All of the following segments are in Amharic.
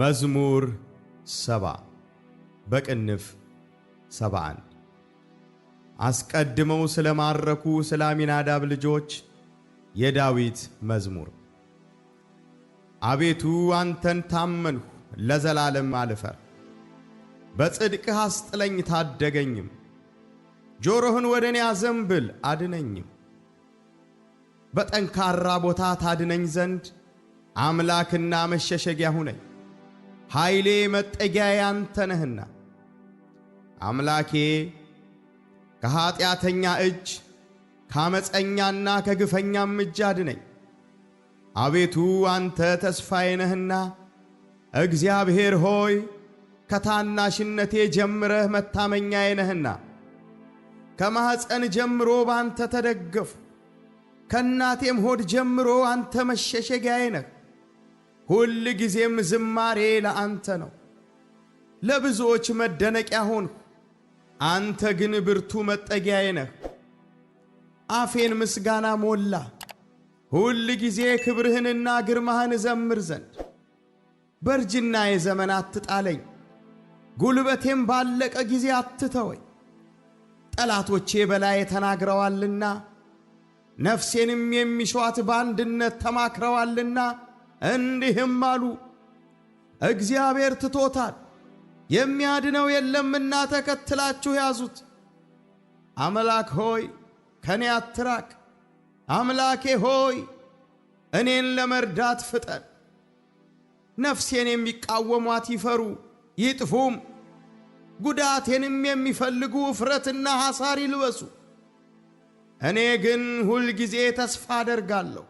መዝሙር ሰባ በቅንፍ ሰባ አንድ አስቀድመው ስለ ማረኩ ስለ አሚናዳብ ልጆች የዳዊት መዝሙር። አቤቱ አንተን ታመንሁ፣ ለዘላለም አልፈር። በጽድቅህ አስጥለኝ ታደገኝም። ጆሮህን ወደ እኔ አዘንብል አድነኝም። በጠንካራ ቦታ ታድነኝ ዘንድ አምላክና መሸሸጊያ ሁነኝ። ኃይሌ መጠጊያ ያንተ ነህና አምላኬ ከኀጢአተኛ እጅ ከአመፀኛና ከግፈኛም እጅ አድነኝ። አቤቱ አንተ ተስፋዬ ነህና እግዚአብሔር ሆይ ከታናሽነቴ ጀምረህ መታመኛዬ ነህና ከማኅፀን ጀምሮ በአንተ ተደገፉ፣ ከእናቴም ሆድ ጀምሮ አንተ መሸሸጊያዬ ነህ። ሁል ጊዜም ዝማሬ ለአንተ ነው። ለብዙዎች መደነቂያ ሆንሁ። አንተ ግን ብርቱ መጠጊያዬ ነህ። አፌን ምስጋና ሞላ። ሁል ጊዜ ክብርህንና ግርማህን እዘምር ዘንድ በርጅና የዘመን አትጣለኝ፣ ጉልበቴም ባለቀ ጊዜ አትተወኝ። ጠላቶቼ በላዬ ተናግረዋልና ነፍሴንም የሚሸዋት በአንድነት ተማክረዋልና እንዲህም አሉ፣ እግዚአብሔር ትቶታል፣ የሚያድነው የለምና ተከትላችሁ ያዙት። አምላክ ሆይ ከኔ አትራቅ፣ አምላኬ ሆይ እኔን ለመርዳት ፍጠን። ነፍሴን የሚቃወሟት ይፈሩ ይጥፉም፣ ጉዳቴንም የሚፈልጉ እፍረትና ሐሳር ይልበሱ። እኔ ግን ሁልጊዜ ተስፋ አደርጋለሁ።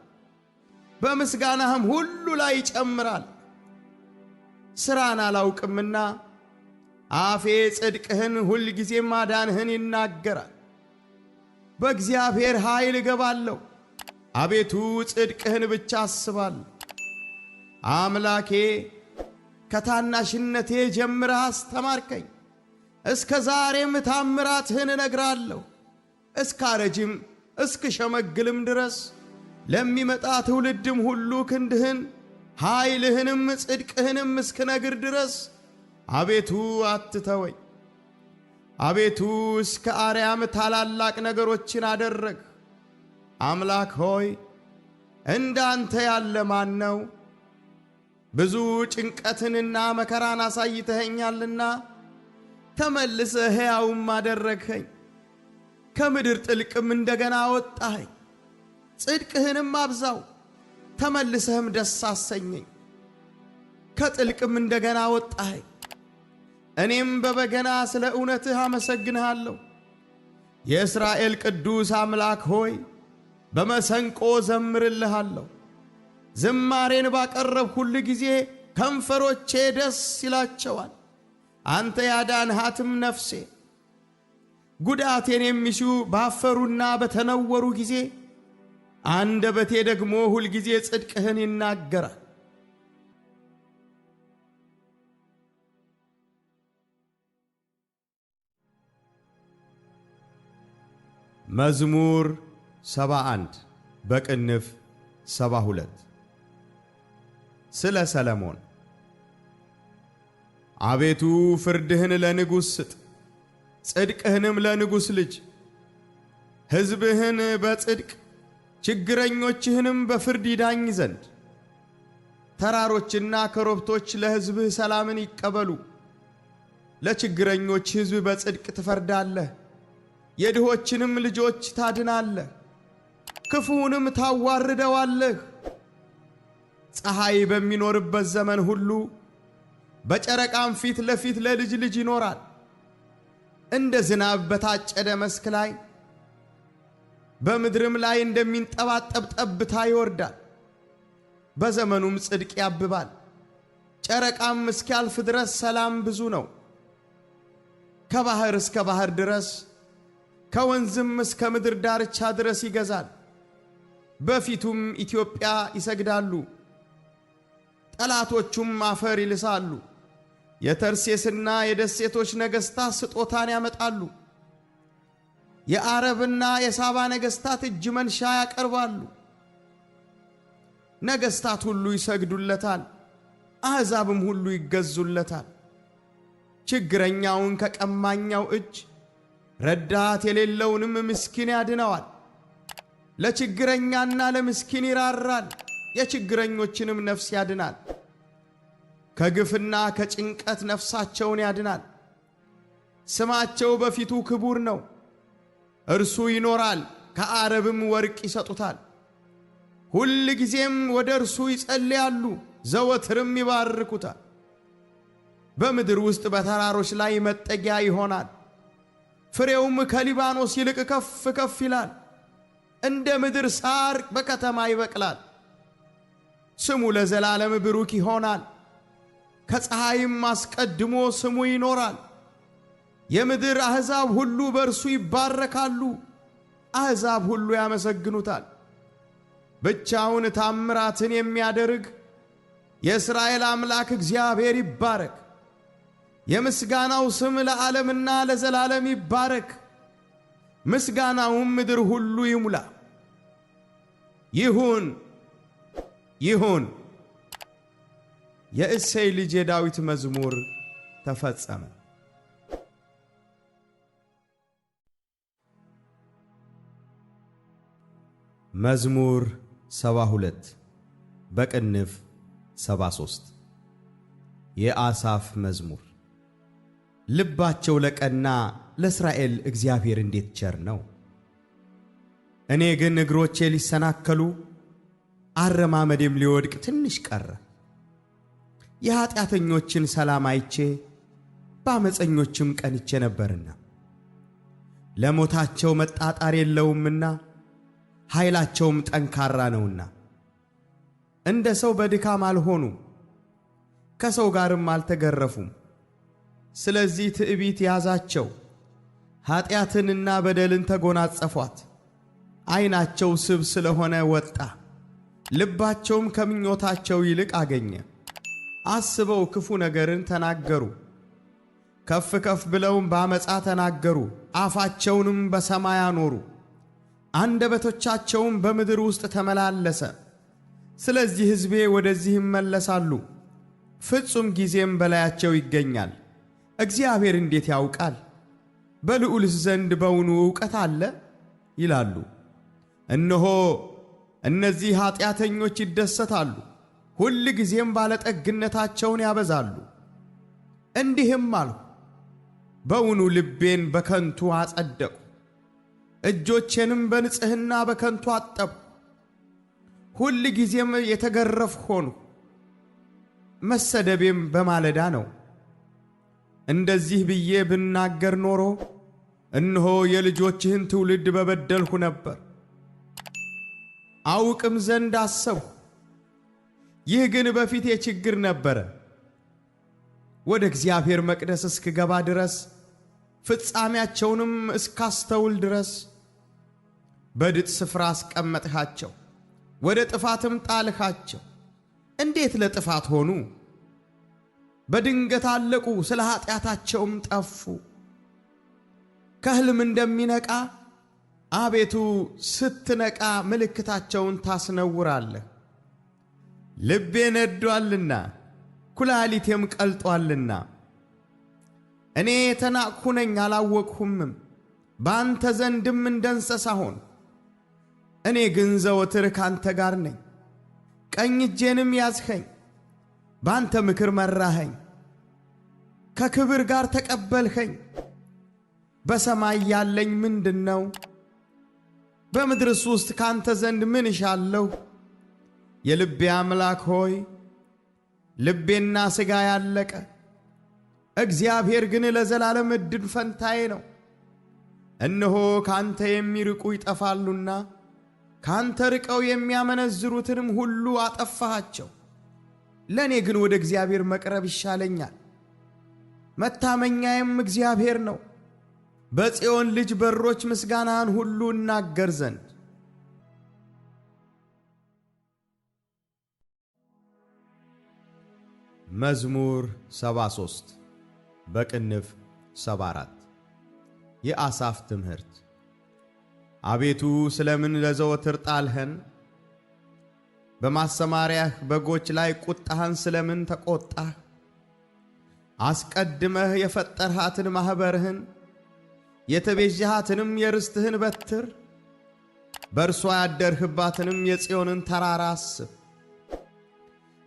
በምስጋናህም ሁሉ ላይ ይጨምራል። ሥራን አላውቅምና አፌ ጽድቅህን ጊዜ ማዳንህን ይናገራል። በእግዚአብሔር ኃይል እገባለሁ፣ አቤቱ ጽድቅህን ብቻ አስባል። አምላኬ ከታናሽነቴ ጀምረህ አስተማርከኝ፣ እስከ ዛሬም ታምራትህን እነግራለሁ። እስካረጅም እስክሸመግልም ድረስ ለሚመጣ ትውልድም ሁሉ ክንድህን ኃይልህንም ጽድቅህንም እስክነግር ድረስ አቤቱ አትተወኝ። አቤቱ እስከ አርያም ታላላቅ ነገሮችን አደረግ። አምላክ ሆይ እንዳንተ ያለ ማን ነው? ብዙ ጭንቀትንና መከራን አሳይተኸኛልና ተመልሰ ሕያውም አደረግኸኝ፣ ከምድር ጥልቅም እንደገና አወጣኸኝ። ጽድቅህንም አብዛው፣ ተመልሰህም ደስ አሰኘኝ። ከጥልቅም እንደገና ወጣኸኝ። እኔም በበገና ስለ እውነትህ አመሰግንሃለሁ። የእስራኤል ቅዱስ አምላክ ሆይ በመሰንቆ ዘምርልሃለሁ። ዝማሬን ባቀረብ ሁል ጊዜ ከንፈሮቼ ደስ ይላቸዋል። አንተ ያዳንሃትም ነፍሴ ጉዳቴን የሚሹ ባፈሩና በተነወሩ ጊዜ አንደበቴ ደግሞ ሁልጊዜ ጽድቅህን ይናገራል። መዝሙር 71 በቅንፍ 72 ስለ ሰለሞን። አቤቱ ፍርድህን ለንጉሥ ስጥ፣ ጽድቅህንም ለንጉሥ ልጅ። ሕዝብህን በጽድቅ ችግረኞችህንም በፍርድ ይዳኝ ዘንድ። ተራሮችና ኮረብቶች ለሕዝብህ ሰላምን ይቀበሉ። ለችግረኞች ሕዝብ በጽድቅ ትፈርዳለህ፣ የድሆችንም ልጆች ታድናለህ፣ ክፉውንም ታዋርደዋለህ። ፀሐይ በሚኖርበት ዘመን ሁሉ በጨረቃም ፊት ለፊት ለልጅ ልጅ ይኖራል። እንደ ዝናብ በታጨደ መስክ ላይ በምድርም ላይ እንደሚንጠባጠብ ጠብታ ይወርዳል። በዘመኑም ጽድቅ ያብባል። ጨረቃም እስኪያልፍ ድረስ ሰላም ብዙ ነው። ከባህር እስከ ባህር ድረስ ከወንዝም እስከ ምድር ዳርቻ ድረስ ይገዛል። በፊቱም ኢትዮጵያ ይሰግዳሉ፣ ጠላቶቹም አፈር ይልሳሉ። የተርሴስና የደሴቶች ነገሥታት ስጦታን ያመጣሉ። የአረብና የሳባ ነገሥታት እጅ መንሻ ያቀርባሉ። ነገሥታት ሁሉ ይሰግዱለታል፣ አሕዛብም ሁሉ ይገዙለታል። ችግረኛውን ከቀማኛው እጅ፣ ረዳት የሌለውንም ምስኪን ያድነዋል። ለችግረኛና ለምስኪን ይራራል፣ የችግረኞችንም ነፍስ ያድናል። ከግፍና ከጭንቀት ነፍሳቸውን ያድናል። ስማቸው በፊቱ ክቡር ነው። እርሱ ይኖራል፣ ከአረብም ወርቅ ይሰጡታል። ሁል ጊዜም ወደ እርሱ ይጸልያሉ፣ ዘወትርም ይባርኩታል። በምድር ውስጥ በተራሮች ላይ መጠጊያ ይሆናል። ፍሬውም ከሊባኖስ ይልቅ ከፍ ከፍ ይላል፣ እንደ ምድር ሳር በከተማ ይበቅላል። ስሙ ለዘላለም ብሩክ ይሆናል፣ ከፀሐይም አስቀድሞ ስሙ ይኖራል። የምድር አሕዛብ ሁሉ በእርሱ ይባረካሉ፣ አሕዛብ ሁሉ ያመሰግኑታል። ብቻውን ታምራትን የሚያደርግ የእስራኤል አምላክ እግዚአብሔር ይባረክ። የምስጋናው ስም ለዓለምና ለዘላለም ይባረክ፣ ምስጋናውም ምድር ሁሉ ይሙላ። ይሁን ይሁን። የእሴይ ልጅ የዳዊት መዝሙር ተፈጸመ። መዝሙር 72 በቅንፍ 73 የአሳፍ መዝሙር። ልባቸው ለቀና ለእስራኤል እግዚአብሔር እንዴት ቸር ነው! እኔ ግን እግሮቼ ሊሰናከሉ አረማመዴም ሊወድቅ ትንሽ ቀረ። የኀጢአተኞችን ሰላም አይቼ በአመፀኞችም ቀንቼ ነበርና ለሞታቸው መጣጣር የለውምና ኃይላቸውም ጠንካራ ነውና። እንደ ሰው በድካም አልሆኑም፣ ከሰው ጋርም አልተገረፉም። ስለዚህ ትዕቢት ያዛቸው፣ ኀጢአትንና በደልን ተጎናጸፏት። ዐይናቸው ስብ ስለሆነ ወጣ፣ ልባቸውም ከምኞታቸው ይልቅ አገኘ። አስበው ክፉ ነገርን ተናገሩ፣ ከፍ ከፍ ብለውም በአመፃ ተናገሩ፣ አፋቸውንም በሰማይ አኖሩ። አንደበቶቻቸውም በምድር ውስጥ ተመላለሰ። ስለዚህ ሕዝቤ ወደዚህ ይመለሳሉ፣ ፍጹም ጊዜም በላያቸው ይገኛል። እግዚአብሔር እንዴት ያውቃል? በልዑልስ ዘንድ በውኑ እውቀት አለ? ይላሉ። እነሆ እነዚህ ኀጢአተኞች ይደሰታሉ፣ ሁል ጊዜም ባለጠግነታቸውን ያበዛሉ። እንዲህም አልሁ፣ በውኑ ልቤን በከንቱ አጸደቁ እጆቼንም በንጽሕና በከንቱ አጠብ ሁል ጊዜም የተገረፍ ሆኑ መሰደቤም በማለዳ ነው። እንደዚህ ብዬ ብናገር ኖሮ እነሆ የልጆችህን ትውልድ በበደልሁ ነበር። አውቅም ዘንድ አሰብሁ፣ ይህ ግን በፊቴ ችግር ነበረ። ወደ እግዚአብሔር መቅደስ እስክገባ ድረስ ፍጻሜያቸውንም እስካስተውል ድረስ በድጥ ስፍራ አስቀመጥሃቸው፣ ወደ ጥፋትም ጣልሃቸው። እንዴት ለጥፋት ሆኑ? በድንገት አለቁ፣ ስለ ኃጢአታቸውም ጠፉ። ከሕልም እንደሚነቃ አቤቱ ስትነቃ ምልክታቸውን ታስነውራለህ። ልቤ ነዷልና ኩላሊቴም ቀልጧልና እኔ ተናቅሁ ነኝ አላወቅሁምም፣ በአንተ ዘንድም እንደ እንስሳ ሆንሁ። እኔ ግን ዘወትር ካንተ ጋር ነኝ፣ ቀኝ እጄንም ያዝኸኝ፣ ባንተ ምክር መራኸኝ። ከክብር ጋር ተቀበልኸኝ። በሰማይ ያለኝ ምንድን ነው? በምድርስ ውስጥ ካንተ ዘንድ ምን እሻለሁ? የልቤ አምላክ ሆይ ልቤና ሥጋ ያለቀ፣ እግዚአብሔር ግን ለዘላለም ዕድል ፈንታዬ ነው። እነሆ ካንተ የሚርቁ ይጠፋሉና ካንተ ርቀው የሚያመነዝሩትንም ሁሉ አጠፋሃቸው። ለእኔ ግን ወደ እግዚአብሔር መቅረብ ይሻለኛል፣ መታመኛዬም እግዚአብሔር ነው። በጽዮን ልጅ በሮች ምስጋናህን ሁሉ እናገር ዘንድ መዝሙር 73 በቅንፍ 74 የአሳፍ ትምህርት አቤቱ ስለምን ለዘወትር ጣልኸን? በማሰማሪያህ በጎች ላይ ቁጣህን ስለምን ተቆጣህ? አስቀድመህ የፈጠርሃትን ማኅበርህን የተቤዥሃትንም የርስትህን በትር በእርሷ ያደርህባትንም የጽዮንን ተራራ አስብ።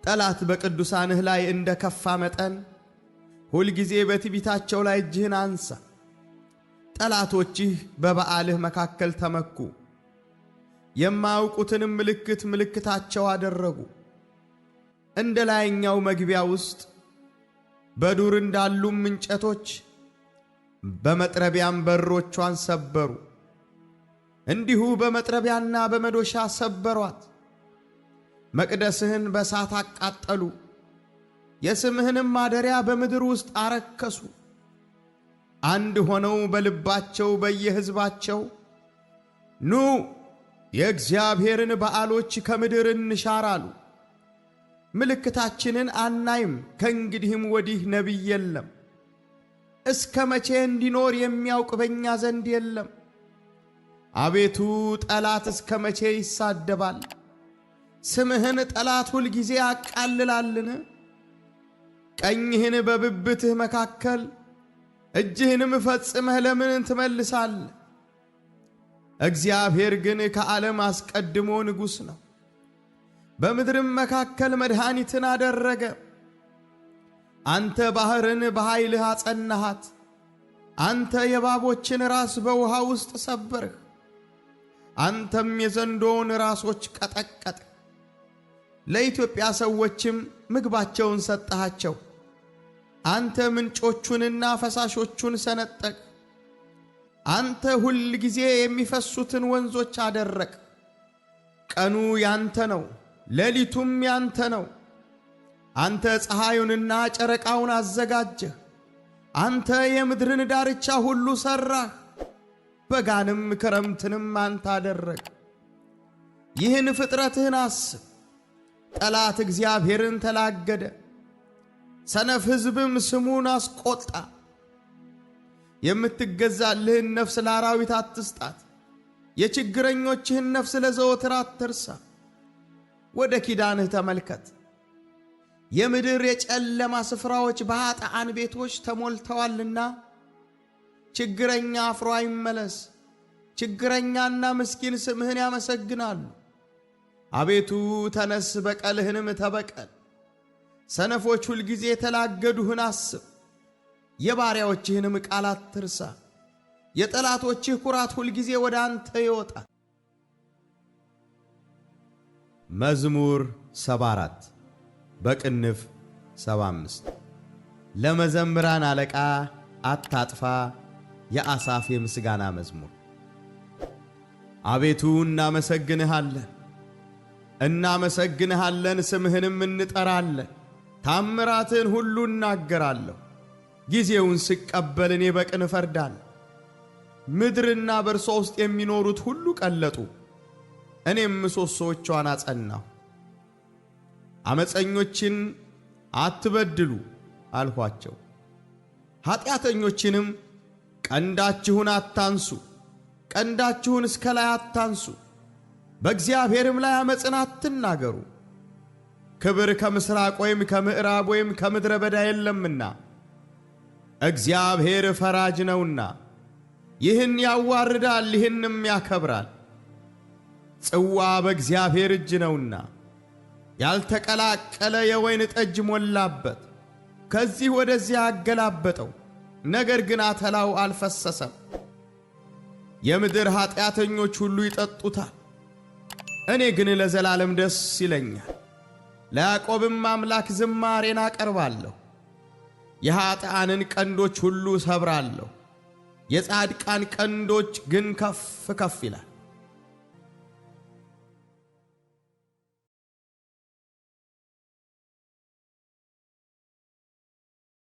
ጠላት በቅዱሳንህ ላይ እንደ ከፋ መጠን ሁልጊዜ በትቢታቸው ላይ እጅህን አንሳ። ጠላቶችህ በበዓልህ መካከል ተመኩ፣ የማያውቁትንም ምልክት ምልክታቸው አደረጉ። እንደ ላይኛው መግቢያ ውስጥ በዱር እንዳሉም እንጨቶች በመጥረቢያም በሮቿን ሰበሩ፣ እንዲሁ በመጥረቢያና በመዶሻ ሰበሯት። መቅደስህን በእሳት አቃጠሉ፣ የስምህንም ማደሪያ በምድር ውስጥ አረከሱ። አንድ ሆነው በልባቸው በየሕዝባቸው ኑ የእግዚአብሔርን በዓሎች ከምድር እንሻር አሉ። ምልክታችንን አናይም፣ ከእንግዲህም ወዲህ ነቢይ የለም፣ እስከ መቼ እንዲኖር የሚያውቅ በእኛ ዘንድ የለም። አቤቱ ጠላት እስከ መቼ ይሳደባል? ስምህን ጠላት ሁል ጊዜ አቃልላልን? ቀኝህን በብብትህ መካከል እጅህንም ፈጽመህ ለምን ትመልሳል? እግዚአብሔር ግን ከዓለም አስቀድሞ ንጉሥ ነው፣ በምድርም መካከል መድኃኒትን አደረገ። አንተ ባሕርን በኃይልህ አጸናሃት፣ አንተ የባቦችን ራስ በውሃ ውስጥ ሰበርህ፣ አንተም የዘንዶውን ራሶች ቀጠቀጥ። ለኢትዮጵያ ሰዎችም ምግባቸውን ሰጠሃቸው። አንተ ምንጮቹንና ፈሳሾቹን ሰነጠቅ። አንተ ሁል ጊዜ የሚፈሱትን ወንዞች አደረቅ። ቀኑ ያንተ ነው፣ ሌሊቱም ያንተ ነው። አንተ ፀሐዩንና ጨረቃውን አዘጋጀህ። አንተ የምድርን ዳርቻ ሁሉ ሠራህ። በጋንም ክረምትንም አንተ አደረግ። ይህን ፍጥረትህን አስብ። ጠላት እግዚአብሔርን ተላገደ። ሰነፍ ሕዝብም ስሙን አስቆጣ። የምትገዛልህን ነፍስ ለአራዊት አትስጣት፣ የችግረኞችህን ነፍስ ለዘወትር አትርሳ። ወደ ኪዳንህ ተመልከት። የምድር የጨለማ ስፍራዎች በኃጥአን ቤቶች ተሞልተዋልና፣ ችግረኛ አፍሮ አይመለስ። ችግረኛና ምስኪን ስምህን ያመሰግናሉ። አቤቱ ተነስ፣ በቀልህንም ተበቀል። ሰነፎች ሁልጊዜ የተላገዱህን አስብ፣ የባሪያዎችህንም ቃል አትርሳ። የጠላቶችህ ኩራት ሁልጊዜ ወደ አንተ ይወጣል። መዝሙር 74 በቅንፍ 75 ለመዘምራን አለቃ አታጥፋ። የአሳፍ የምስጋና መዝሙር። አቤቱ እናመሰግንሃለን፣ እናመሰግንሃለን ስምህንም እንጠራለን። ታምራትን ሁሉ እናገራለሁ። ጊዜውን ስቀበል እኔ በቅን እፈርዳለሁ። ምድርና በእርሷ ውስጥ የሚኖሩት ሁሉ ቀለጡ፣ እኔም ምሰሶዎቿን አጸናሁ። አመፀኞችን አትበድሉ አልኋቸው፣ ኃጢአተኞችንም ቀንዳችሁን አታንሱ፣ ቀንዳችሁን እስከ ላይ አታንሱ፣ በእግዚአብሔርም ላይ አመፅን አትናገሩ። ክብር ከምስራቅ ወይም ከምዕራብ ወይም ከምድረ በዳ የለምና እግዚአብሔር ፈራጅ ነውና። ይህን ያዋርዳል፣ ይህንም ያከብራል። ጽዋ በእግዚአብሔር እጅ ነውና ያልተቀላቀለ የወይን ጠጅ ሞላበት፣ ከዚህ ወደዚያ አገላበጠው፣ ነገር ግን አተላው አልፈሰሰም። የምድር ኃጢአተኞች ሁሉ ይጠጡታል፣ እኔ ግን ለዘላለም ደስ ይለኛል። ለያዕቆብም አምላክ ዝማሬን አቀርባለሁ። የኀጥአንን ቀንዶች ሁሉ ሰብራለሁ፣ የጻድቃን ቀንዶች ግን ከፍ ከፍ ይላል።